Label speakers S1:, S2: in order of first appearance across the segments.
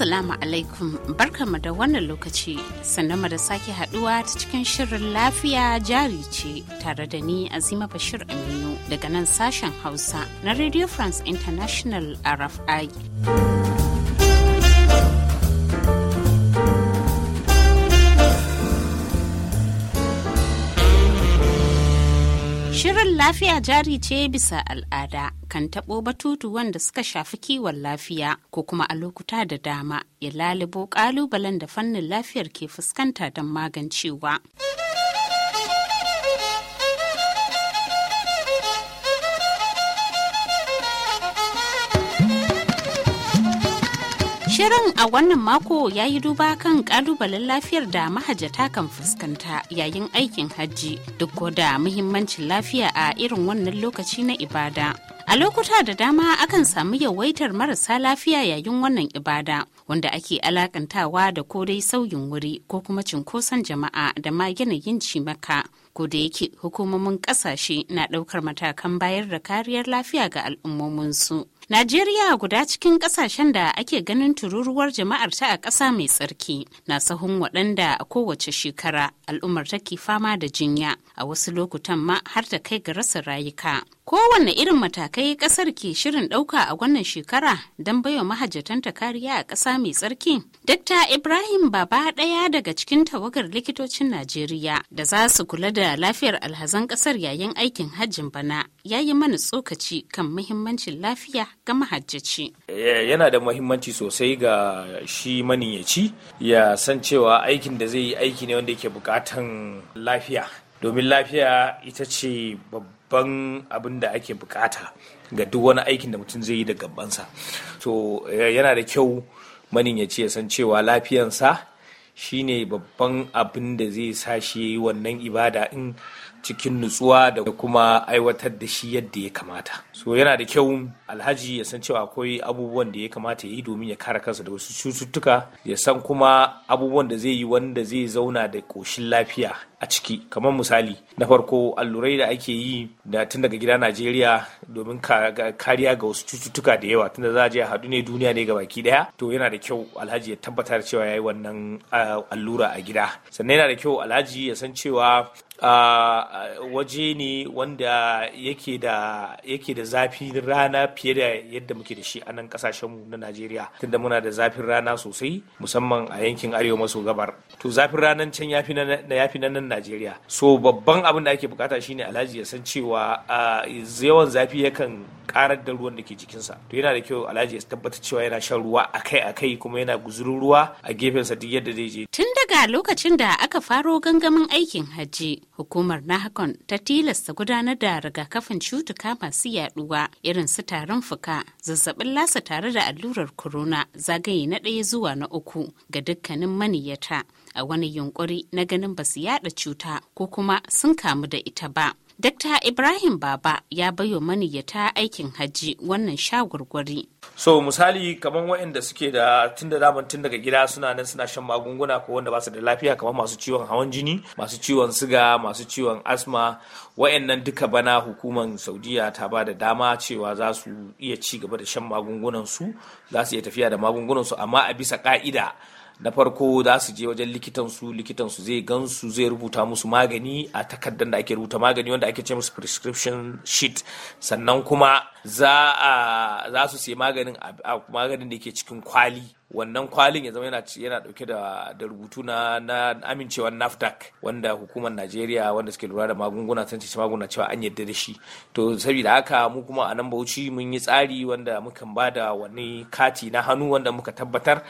S1: Assalamu alaikum barkanmu da wannan lokaci sannan da sake haduwa ta cikin shirin lafiya jari ce tare da ni Azima Bashir Aminu daga nan sashen Hausa na Radio France International RFI. Shirin lafiya jari ce bisa al'ada kan taɓo batutu wanda suka shafi kiwon lafiya ko kuma a lokuta da dama ya lalibo ƙalubalen da fannin lafiyar ke fuskanta don magancewa. Shirin a wannan mako ya yi duba kan kalubalen lafiyar da mahajata kan fuskanta yayin aikin hajji duk da muhimmancin lafiya a irin wannan lokaci na ibada. A lokuta da dama akan samu yawaitar marasa lafiya yayin wannan ibada wanda ake alakantawa da ko dai sauyin wuri ko kuma cinkoson jama'a da ma yanayin cimaka. ko da yake hukumomin kasashe na daukar matakan bayar da kariyar lafiya ga al'ummominsu. Najeriya guda cikin kasashen da ake ganin tururuwar jama'ar ta a ƙasa mai tsarki na sahun waɗanda a kowace shekara al'ummar take fama da jinya a wasu lokutan ma har da kai ga rasa rayuka. Kowanne irin matakai kasar ke shirin ɗauka a wannan shekara don baiwa mahajjatanta kariya a ƙasa mai tsarki? Dr. Ibrahim Baba ɗaya daga cikin tawagar likitocin Najeriya da za su kula da lafiyar alhazan ƙasar yayin aikin hajjin bana ya yi mana tsokaci kan muhimmancin lafiya ga mahajjaci.
S2: Eh, yana da muhimmanci sosai ga shi maniyaci ya san cewa aikin da zai yi aiki ne wanda yake buƙatan lafiya. domin lafiya ita ce babban abin da ake bukata ga duk wani aikin da mutum zai yi da gabansa so eh, yana da kyau manin ya san cewa lafiyansa shine babban abin da zai sa shi wannan ibada in cikin nutsuwa da kuma aiwatar da shi yadda ya kamata so yana da kyau alhaji ya san cewa akwai abubuwan da ya kamata ya yi domin ya kare kansa da wasu cututtuka ya san kuma abubuwan da zai yi wanda zai zauna da ƙoshin lafiya a ciki kamar misali na farko allurai da ake yi da tun daga gida najeriya domin kariya ga wasu cututtuka da yawa tunda za a je a haɗu ne duniya ne ga baki daya to yana da kyau alhaji ya tabbatar cewa ya yi wannan ah, allura a gida sannan yana da kyau alhaji ya san cewa a ah, waje ne wanda yake da yake da zafin rana fiye da yadda muke da shi a nan kasashenmu na Najeriya tunda muna da zafin rana sosai musamman a yankin arewa maso gabar to zafin ranar can yafi na nan najeriya so babban abin da ake bukata shine alhaji ya san cewa yawan zafi yakan karar da ruwan da ke jikinsa to yana da kyau alhaji ya tabbatar cewa yana shan ruwa akai akai kuma yana guzurin ruwa a gefensa duk yadda zai je tun
S1: daga lokacin da aka faro gangamin aikin hajji hukumar nahakon ta tilasta gudanar da rigakafin cutuka masu yaduwa irin su tarin fuka zazzabin lasa tare da allurar corona zagaye na ɗaya zuwa na uku ga dukkanin maniyata a wani yunkuri na ganin ba su yada cuta ko kuma sun kamu da ita ba. Dr. Ibrahim Baba ya bayo maniyyata aikin hajji wannan shagurgwari.
S2: So misali kamar waɗanda suke da tun da daman tun daga gida suna nan suna shan magunguna ko wanda ba su da lafiya kamar masu ciwon hawan jini, masu ciwon siga, masu ciwon asma, waɗannan duka bana hukumar Saudiya ta ba da dama cewa za su iya ci gaba da shan magungunansu su, za su iya tafiya da magungunansu amma a bisa ka'ida. na farko za su je wajen likitan likitansu likitansu zai gansu zai rubuta musu magani a takardar da ake rubuta magani wanda ake ce musu prescription sheet sannan kuma za su sai maganin maganin da ke cikin kwali wannan kwalin ya zama yana yana dauke da da rubutu na na amincewar NAFDAC wanda hukumar Najeriya wanda suke lura da magunguna sun ce magunguna cewa an yadda da shi to saboda haka mu kuma a nan Bauchi mun yi tsari wanda muka ba da wani kati na hannu wanda muka tabbatar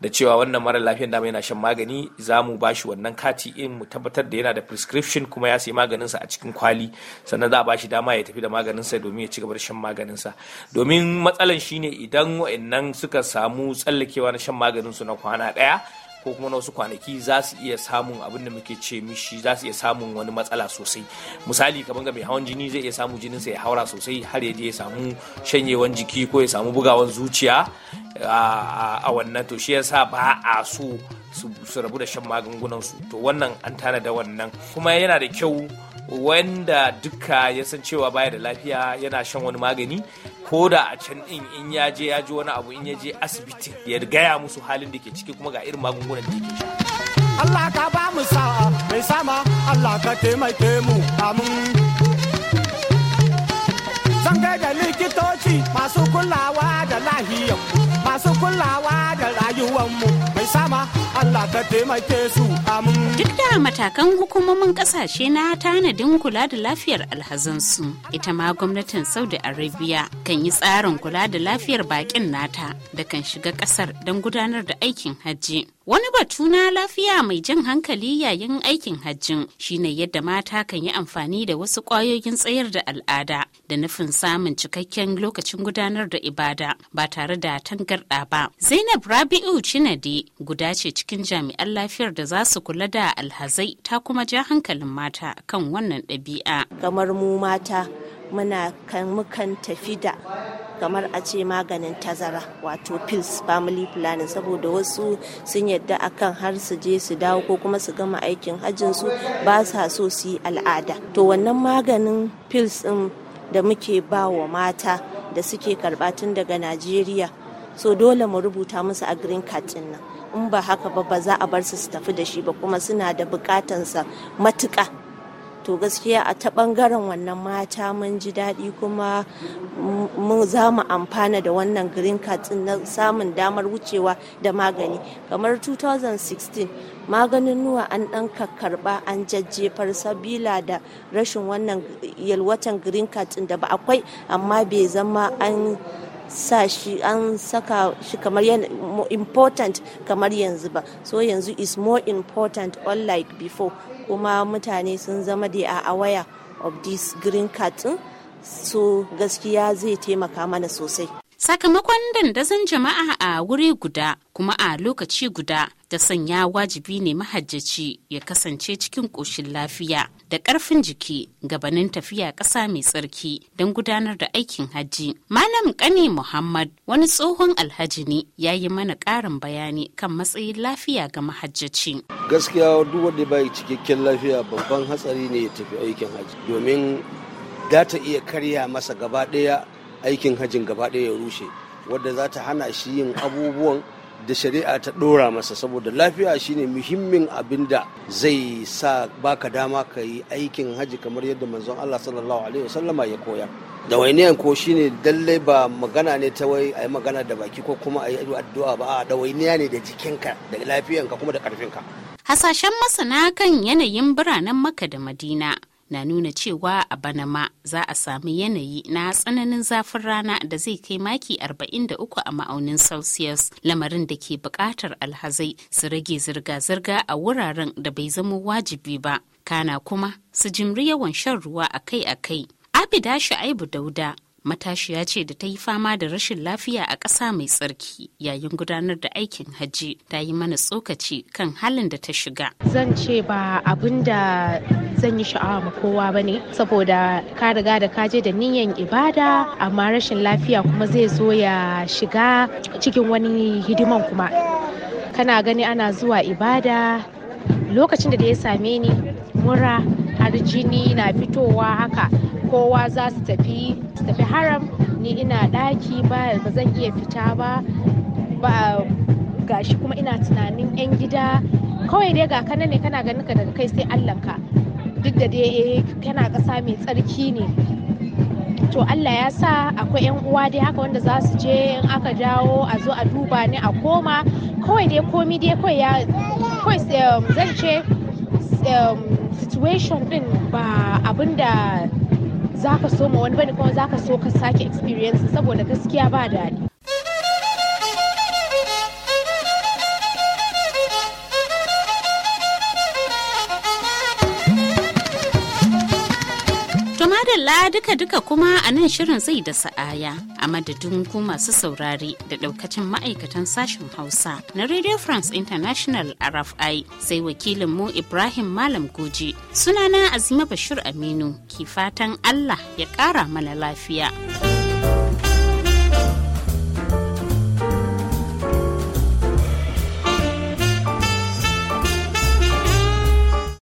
S2: da cewa wannan mara lafiyan dama yana shan magani za mu ba shi wannan kati in mu tabbatar da yana da prescription kuma ya sayi maganinsa a cikin kwali sannan za a ba shi dama ya tafi da maganin sa, domin ya ci gaba da shan maganin sa. domin matsalan shine idan wa'annan suka samu tsallakewa cewa na shan maganin su na kwana daya ko kuma na wasu kwanaki za su iya samun abin da muke ce mishi za su iya samun wani matsala sosai misali kamar ga mai hawan jini zai iya samu jinin sa ya haura sosai har ya je ya samu shanyewan jiki ko ya samu bugawan zuciya a wannan to shi yasa ba a so su rabu da shan magungunan su to wannan an tana da wannan kuma yana da kyau wanda duka ya san cewa baya da lafiya yana shan wani magani ko da a can din in ya je ya ji wani abu in ya je asibiti. ya gaya musu halin da ke ciki kuma ga irin magungunan da yake
S3: Allah ka ba mu
S2: sa'a mai sama Allah ka taimake mu amin zan da likitoci masu kulawa da lahiyar masu kulawa da rayuwar mu mai sama Allah ka taimake su amin
S1: da matakan hukumomin kasashe na tanadin kula da lafiyar alhazansu ita ma gwamnatin saudi arabia kan yi tsarin kula da lafiyar bakin nata da kan shiga kasar don gudanar da aikin hajji Wani batu na lafiya mai jan hankali yayin aikin hajjin shine yadda mata kan yi amfani da wasu kwayoyin tsayar da al'ada da nufin samun cikakken lokacin gudanar da ibada ba tare da tangarɗa ba. Zainab Rabi'u Cinade guda ce cikin jami'an lafiyar da za su kula da alhazai ta kuma ja hankalin mata kan wannan ɗabi'a.
S4: Kamar mu mata muna kan mukan tafi da kamar a ce maganin tazara wato pills family planning saboda wasu sun yadda akan har su je su dawo ko kuma su gama aikin hajjin su ba sa so su yi al'ada to wannan maganin pills ɗin da muke ba wa mata da suke karɓatun tun daga najeriya so dole mu rubuta musu a green card nan in ba haka ba ba za a bar su su tafi da shi ba kuma suna da bukatansa matuka to gaskiya a ta bangaren wannan mata mun ji daɗi kuma mu za mu amfana da wannan green card na samun damar wucewa da magani kamar 2016 maganin nuwa an ɗan karɓa an jajjefar sabila da rashin wannan yalwatan green card da ba akwai amma bai zama an sa shi an saka shi kamar important kamar yanzu ba so yanzu is more important like before kuma mutane sun zama da a aware of this green card so gaskiya zai taimaka mana sosai
S1: sakamakon dandazon jama'a a wuri guda kuma a lokaci guda ta sanya wajibi ne mahajjaci ya kasance cikin ƙoshin lafiya da ƙarfin jiki gabanin tafiya ƙasa mai tsarki don gudanar da aikin hajji. Malam Kani Muhammad wani tsohon alhaji ne ya yi mana ƙarin bayani kan matsayin lafiya ga mahajjaci.
S4: Gaskiya duk wanda bai
S2: cikakken lafiya babban hatsari ne ya tafi aikin hajji domin za ta iya karya masa gaba ɗaya aikin hajin gaba ɗaya ya rushe wadda za ta hana shi yin abubuwan da shari'a ta ɗora masa saboda lafiya shine muhimmin abin da zai sa baka dama ka yi aikin haji kamar yadda manzon Allah sallallahu alaihi wasallama ya koya da wainiyan ko shine dalle ba magana ne ta wai a yi magana da baki ko kuma a yi addu'a ba a da wainiya ne da jikinka da lafiyanka kuma da ƙarfinka
S1: hasashen masana kan yanayin biranen maka da madina na nuna cewa a bana ma za a sami yanayi na tsananin zafin rana da zai kai maki 43 a ma'aunin celsius lamarin da ke bukatar alhazai su rage zirga-zirga a wuraren da bai zama wajibi ba kana kuma su jimri yawan shan ruwa akai-akai abida shu'aibu dauda matashiya ce da ta yi fama da rashin lafiya a ƙasa mai tsarki yayin gudanar da aikin hajji ta yi mana tsokaci kan halin da ta shiga
S3: zan ce ba abin zan yi sha'awa ma kowa ba ne saboda ka riga da ka je da niyan ibada amma rashin lafiya kuma zai zo ya shiga cikin wani hidiman kuma kana gani ana zuwa ibada lokacin da ya same ni mura har jini na fitowa haka kowa za su tafi tafi haram ni ina ɗaki ba ba zan iya fita ba ba gashi kuma ina tunanin 'yan gida kawai dai ga kanan ne kana ganin ka daga kai sai ka. duk da dai tana eh, kasa mai tsarki ne to Allah ya sa akwai 'yan uwa dai haka wanda za su je in aka dawo a zo a duba ni a koma kawai dai komi dai kawai ya kawai um, zan ce um, situation din ba abinda za ka so ma wani bane kuma za ka so ka sake experience saboda gaskiya ba daɗi
S1: madalla duka-duka kuma a nan shirin zai da sa'aya a madadin ku masu saurari da daukacin ma'aikatan sashen hausa na radio france international rfi sai wakilin mu ibrahim malam goji sunana azima bashir aminu ke fatan allah ya kara mana lafiya.